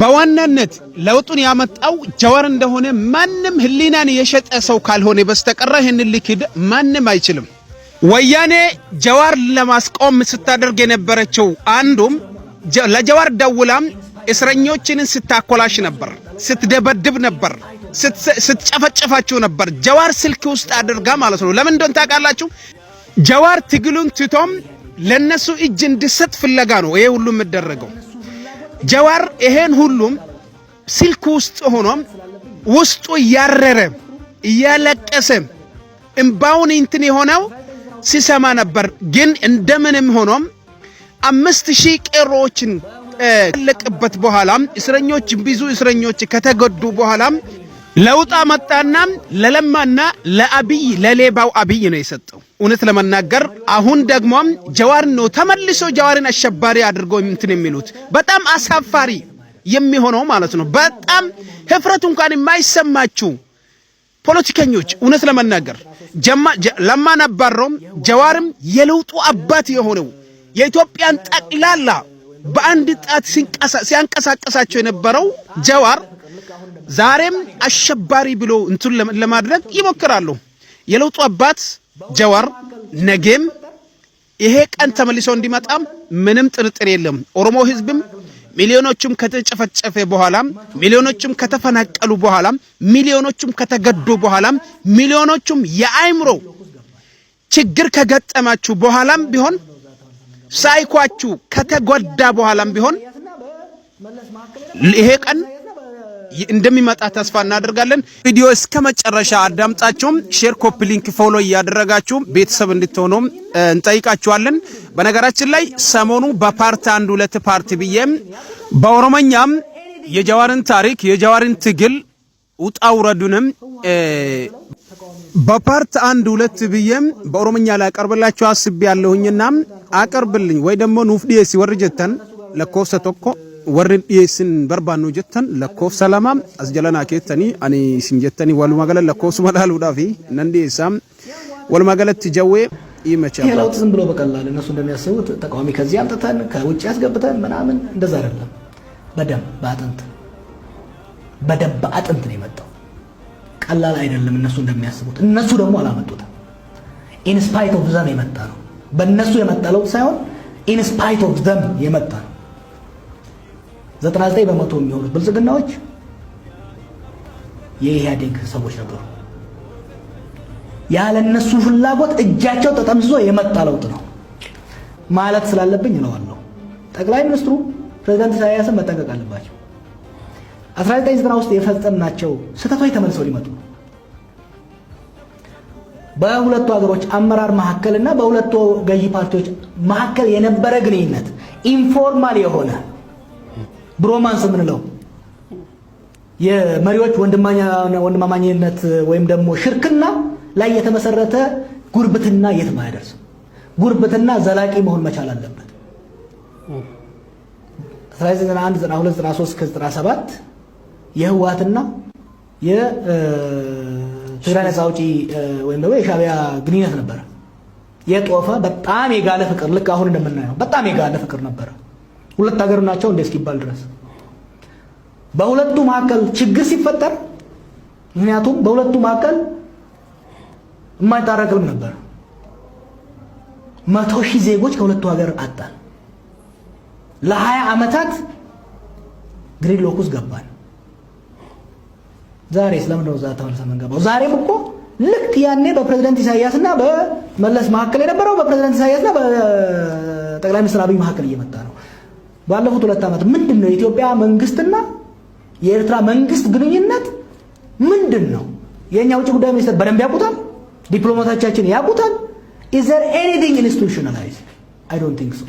በዋናነት ለውጡን ያመጣው ጀዋር እንደሆነ ማንም ህሊናን የሸጠ ሰው ካልሆነ በስተቀረ ይህን ሊክድ ማንም አይችልም። ወያኔ ጀዋር ለማስቆም ስታደርግ የነበረችው አንዱም ለጀዋር ደውላም እስረኞችን ስታኮላሽ ነበር፣ ስትደበድብ ነበር፣ ስትጨፈጨፋችሁ ነበር። ጀዋር ስልክ ውስጥ አድርጋ ማለት ነው። ለምን እንደሆነ ታውቃላችሁ? ጀዋር ትግሉን ትቶም ለነሱ እጅ እንድሰጥ ፍለጋ ነው ይሄ ሁሉ የምደረገው። ጀዋር ይሄን ሁሉም ስልክ ውስጥ ሆኖም ውስጡ እያረረ እያለቀሰ እምባውን እንትን የሆነው ሲሰማ ነበር። ግን እንደምንም ሆኖም አምስት ሺህ ቄሮዎችን ካለቅበት በኋላም እስረኞች ብዙ እስረኞች ከተገዱ በኋላም ለውጣ መጣና ለለማና ለአብይ ለሌባው አብይ ነው የሰጠው። እውነት ለመናገር አሁን ደግሞ ጀዋር ነው ተመልሶ ጀዋርን አሸባሪ አድርጎ እንትን የሚሉት በጣም አሳፋሪ የሚሆነው ማለት ነው። በጣም ህፍረት እንኳን የማይሰማችሁ ፖለቲከኞች እውነት ለመናገር ለማ ነባሮም ጀዋርም የለውጡ አባት የሆነው የኢትዮጵያን ጠቅላላ በአንድ ጣት ሲያንቀሳቀሳቸው የነበረው ጀዋር ዛሬም አሸባሪ ብሎ እንትን ለማድረግ ይሞክራሉ። የለውጡ አባት ጀዋር ነገም ይሄ ቀን ተመልሶ እንዲመጣም ምንም ጥርጥር የለም። ኦሮሞ ህዝብም ሚሊዮኖቹም ከተጨፈጨፈ በኋላም ሚሊዮኖቹም ከተፈናቀሉ በኋላም ሚሊዮኖቹም ከተገዱ በኋላም ሚሊዮኖቹም የአእምሮ ችግር ከገጠማችሁ በኋላም ቢሆን ሳይኳችሁ ከተጎዳ በኋላም ቢሆን ይሄ ቀን እንደሚመጣ ተስፋ እናደርጋለን። ቪዲዮ እስከ መጨረሻ አዳምጣችሁም ሼር፣ ኮፒ ሊንክ፣ ፎሎ እያደረጋችሁ ቤተሰብ እንድትሆኑም እንጠይቃችኋለን። በነገራችን ላይ ሰሞኑ በፓርት አንድ ሁለት ፓርት ብዬም በኦሮመኛም የጀዋርን ታሪክ የጀዋርን ትግል ውጣ ውረዱንም በፓርት አንድ ሁለት ብዬም በኦሮሞኛ ላይ አቀርብላችሁ አስቤ ያለሁኝና አቀርብልኝ ወይ ደግሞ ኑፍዲ ሲወርጀተን ለኮሰ ቶኮ warri dhiyeessin barbaannu jettan lakkoofsa lama as jalanaa keettanii ani isin jettanii walumaa gala lakkoofsuma dhaaluudhaaf nan dhiyeessaam walumaa galatti jawwee ይመቻል። ዝም ብሎ በቀላል እነሱ እንደሚያስቡት ተቃዋሚ ከዚህ አምጥተን ከውጭ አስገብተን ምናምን እንደዛ አይደለም። በደም በአጥንት በደም በአጥንት ነው የመጣው። ቀላል አይደለም እነሱ እንደሚያስቡት። እነሱ ደግሞ አላመጡትም። ኢንስፓይት ኦፍ ዘም የመጣ ነው። በእነሱ የመጣ ለውጥ ሳይሆን ኢንስፓይት ኦፍ ዘም የመጣ ነው። 99 በመቶ የሚሆኑት ብልጽግናዎች የኢህአዴግ ሰዎች ነበሩ። ያለነሱ ፍላጎት እጃቸው ተጠምዝዞ የመጣ ለውጥ ነው ማለት ስላለብኝ እለዋለሁ። ጠቅላይ ሚኒስትሩ ፕሬዚዳንት ኢሳያስን መጠንቀቅ አለባቸው። 1990 ውስጥ የፈጸምናቸው ስህተቶች ተመልሰው ሊመጡ ነው። በሁለቱ ሀገሮች አመራር መካከል እና በሁለቱ ገዢ ፓርቲዎች መካከል የነበረ ግንኙነት ኢንፎርማል የሆነ ብሮማንስ የምንለው የመሪዎች ወንድማማኝነት ወይም ደግሞ ሽርክና ላይ የተመሰረተ ጉርብትና የትም አያደርስም። ጉርብትና ዘላቂ መሆን መቻል አለበት። 1991፣ 92፣ 93 97 የህወሓትና የትግራይ ነፃ አውጪ ወይም ደግሞ የሻቢያ ግንኙነት ነበረ። የጦፈ በጣም የጋለ ፍቅር ልክ አሁን እንደምናየው በጣም የጋለ ፍቅር ነበረ። ሁለት ሀገር ናቸው እንደ እስኪባል ድረስ በሁለቱ መካከል ችግር ሲፈጠር ምክንያቱም በሁለቱ መካከል የማይታረቅም ነበር። መቶ ሺህ ዜጎች ከሁለቱ ሀገር አጣን። ለሀያ ዓመታት ግሪድሎክ ውስጥ ገባን። ዛሬ ስለምንድነው እዛ ተመልሰን የምንገባው? ዛሬም እኮ ልክ ያኔ በፕሬዝደንት ኢሳያስና በመለስ መካከል የነበረው በፕሬዝደንት ኢሳያስና በጠቅላይ ሚኒስትር አብይ መካከል እየመጣ ነው። ባለፉት ሁለት ዓመት ምንድን ነው የኢትዮጵያ መንግስትና የኤርትራ መንግስት ግንኙነት ምንድን ነው? የእኛ ውጭ ጉዳይ ሚኒስትር በደንብ ያውቁታል፣ ዲፕሎማቶቻችን ያውቁታል። ኢዝ ዘር ኤኒቲንግ ኢንስቲቱሽናላይዝ አይ ዶንት ቲንክ ሶ።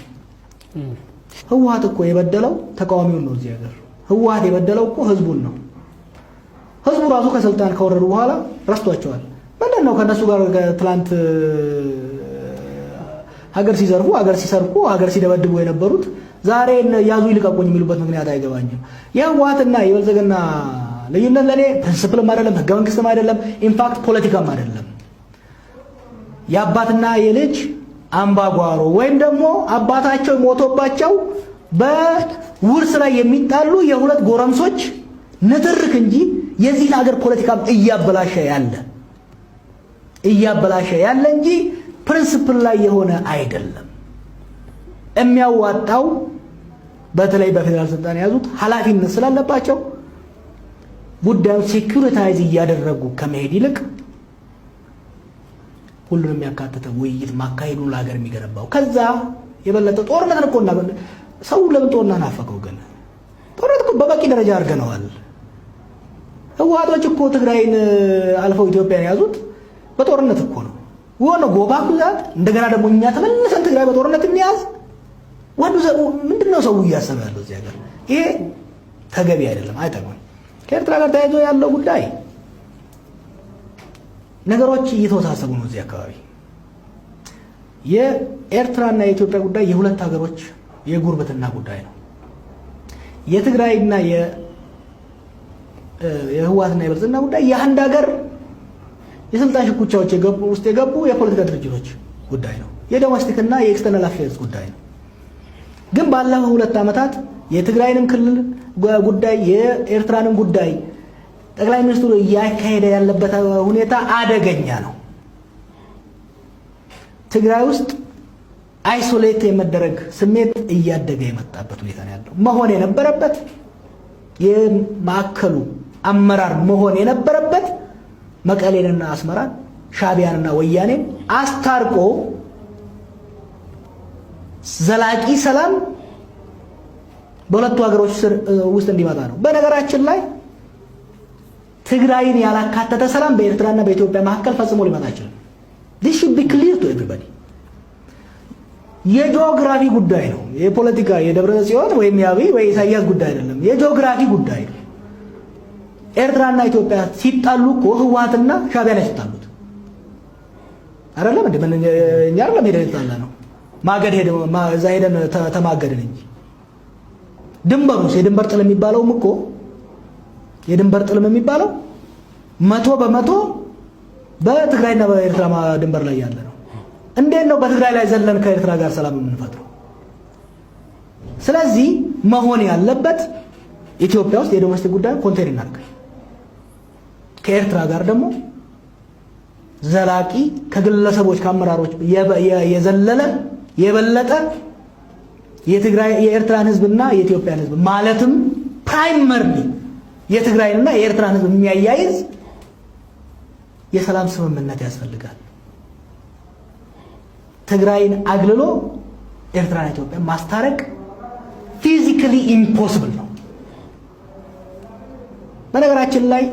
ህወሓት እኮ የበደለው ተቃዋሚውን ነው። እዚህ ሀገር ህወሓት የበደለው እኮ ህዝቡን ነው። ህዝቡ ራሱ ከስልጣን ከወረዱ በኋላ ረስቷቸዋል። ምንድን ነው ከእነሱ ጋር ትላንት ሀገር ሲዘርፉ፣ ሀገር ሲሰርቁ፣ ሀገር ሲደበድቡ የነበሩት ዛሬ ያዙ ይልቀቁኝ የሚሉበት ምክንያት አይገባኝም። የህወሓትና የብልጽግና ልዩነት ለእኔ ፕሪንስፕልም አይደለም፣ ህገ መንግስትም አይደለም፣ ኢንፋክት ፖለቲካም አይደለም። የአባትና የልጅ አምባጓሮ ወይም ደግሞ አባታቸው ሞቶባቸው በውርስ ላይ የሚጣሉ የሁለት ጎረምሶች ንትርክ እንጂ የዚህን ሀገር ፖለቲካም እያበላሸ ያለ እያበላሸ ያለ እንጂ ፕሪንስፕል ላይ የሆነ አይደለም። የሚያዋጣው በተለይ በፌዴራል ስልጣን የያዙት ኃላፊነት ስላለባቸው ጉዳዩን ሴኩሪታይዝ እያደረጉ ከመሄድ ይልቅ ሁሉንም የሚያካተተ ውይይት ማካሄዱ ለሀገር የሚገነባው ከዛ የበለጠ ጦርነት እኮ ሰው ለምን ጦርነት ናፈቀው? ግን ጦርነት እኮ በበቂ ደረጃ አድርገነዋል። ህወሓቶች እኮ ትግራይን አልፈው ኢትዮጵያን የያዙት በጦርነት እኮ ነው። ሆነ ጎባ ኩዛ እንደገና ደግሞ እኛ ተመልሰን ትግራይ በጦርነት እንያዝ ወዱ ዘሩ ምንድነው ሰው እያሰበ ያለው እዚህ ሀገር? ይሄ ተገቢ አይደለም፣ አይጠቅምም። ከኤርትራ ጋር ተያይዞ ያለው ጉዳይ ነገሮች እየተወሳሰቡ ነው። እዚህ አካባቢ የኤርትራና የኢትዮጵያ ጉዳይ የሁለት ሀገሮች የጉርብትና ጉዳይ ነው። የትግራይና የህወሓትና የብልጽግና ጉዳይ የአንድ ሀገር የስልጣን ሽኩቻዎች የገቡ ውስጥ የገቡ የፖለቲካ ድርጅቶች ጉዳይ ነው። የዶሜስቲክና የኤክስተርናል አፌርስ ጉዳይ ነው። ግን ባለፈው ሁለት ዓመታት የትግራይንም ክልል ጉዳይ የኤርትራንም ጉዳይ ጠቅላይ ሚኒስትሩ እያካሄደ ያለበት ሁኔታ አደገኛ ነው። ትግራይ ውስጥ አይሶሌት የመደረግ ስሜት እያደገ የመጣበት ሁኔታ ነው ያለው። መሆን የነበረበት የማዕከሉ አመራር መሆን የነበረበት መቀሌንና አስመራን ሻቢያንና ወያኔን አስታርቆ ዘላቂ ሰላም በሁለቱ ሀገሮች ውስጥ እንዲመጣ ነው። በነገራችን ላይ ትግራይን ያላካተተ ሰላም በኤርትራና በኢትዮጵያ መካከል ፈጽሞ ሊመጣ ይችላል። ዲስ ቢ ክሊር ቱ ኤቭሪባዲ። የጂኦግራፊ ጉዳይ ነው። የፖለቲካ የደብረ ጽዮን ወይም የአብይ ወይ ኢሳያስ ጉዳይ አይደለም። የጂኦግራፊ ጉዳይ ነው። ኤርትራና ኢትዮጵያ ሲጣሉ እኮ ህወሓትና ሻዕቢያ ላይ ሲጣሉት አይደለም እንደ ምን እኛ አይደለም ሄደን የተጣላ ነው ማገድ ሄደ እዛ ሄደን ተማገድን እንጂ ድንበሩ የድንበር ጥልም የሚባለውም እኮ የድንበር ጥልም የሚባለው መቶ በመቶ በትግራይና በኤርትራ ድንበር ላይ ያለ ነው። እንዴት ነው በትግራይ ላይ ዘለን ከኤርትራ ጋር ሰላም የምንፈጥረው? ስለዚህ መሆን ያለበት ኢትዮጵያ ውስጥ የዶሜስቲክ ጉዳይ ኮንቴን እናድርጋል። ከኤርትራ ጋር ደግሞ ዘላቂ ከግለሰቦች ከአመራሮች የዘለለ የበለጠ የትግራይ የኤርትራን ህዝብና የኢትዮጵያን ህዝብ ማለትም ፕራይመርሊ የትግራይንና የኤርትራን ህዝብ የሚያያይዝ የሰላም ስምምነት ያስፈልጋል። ትግራይን አግልሎ ኤርትራና ኢትዮጵያን ማስታረቅ ፊዚካሊ ኢምፖስብል ነው። በነገራችን ላይ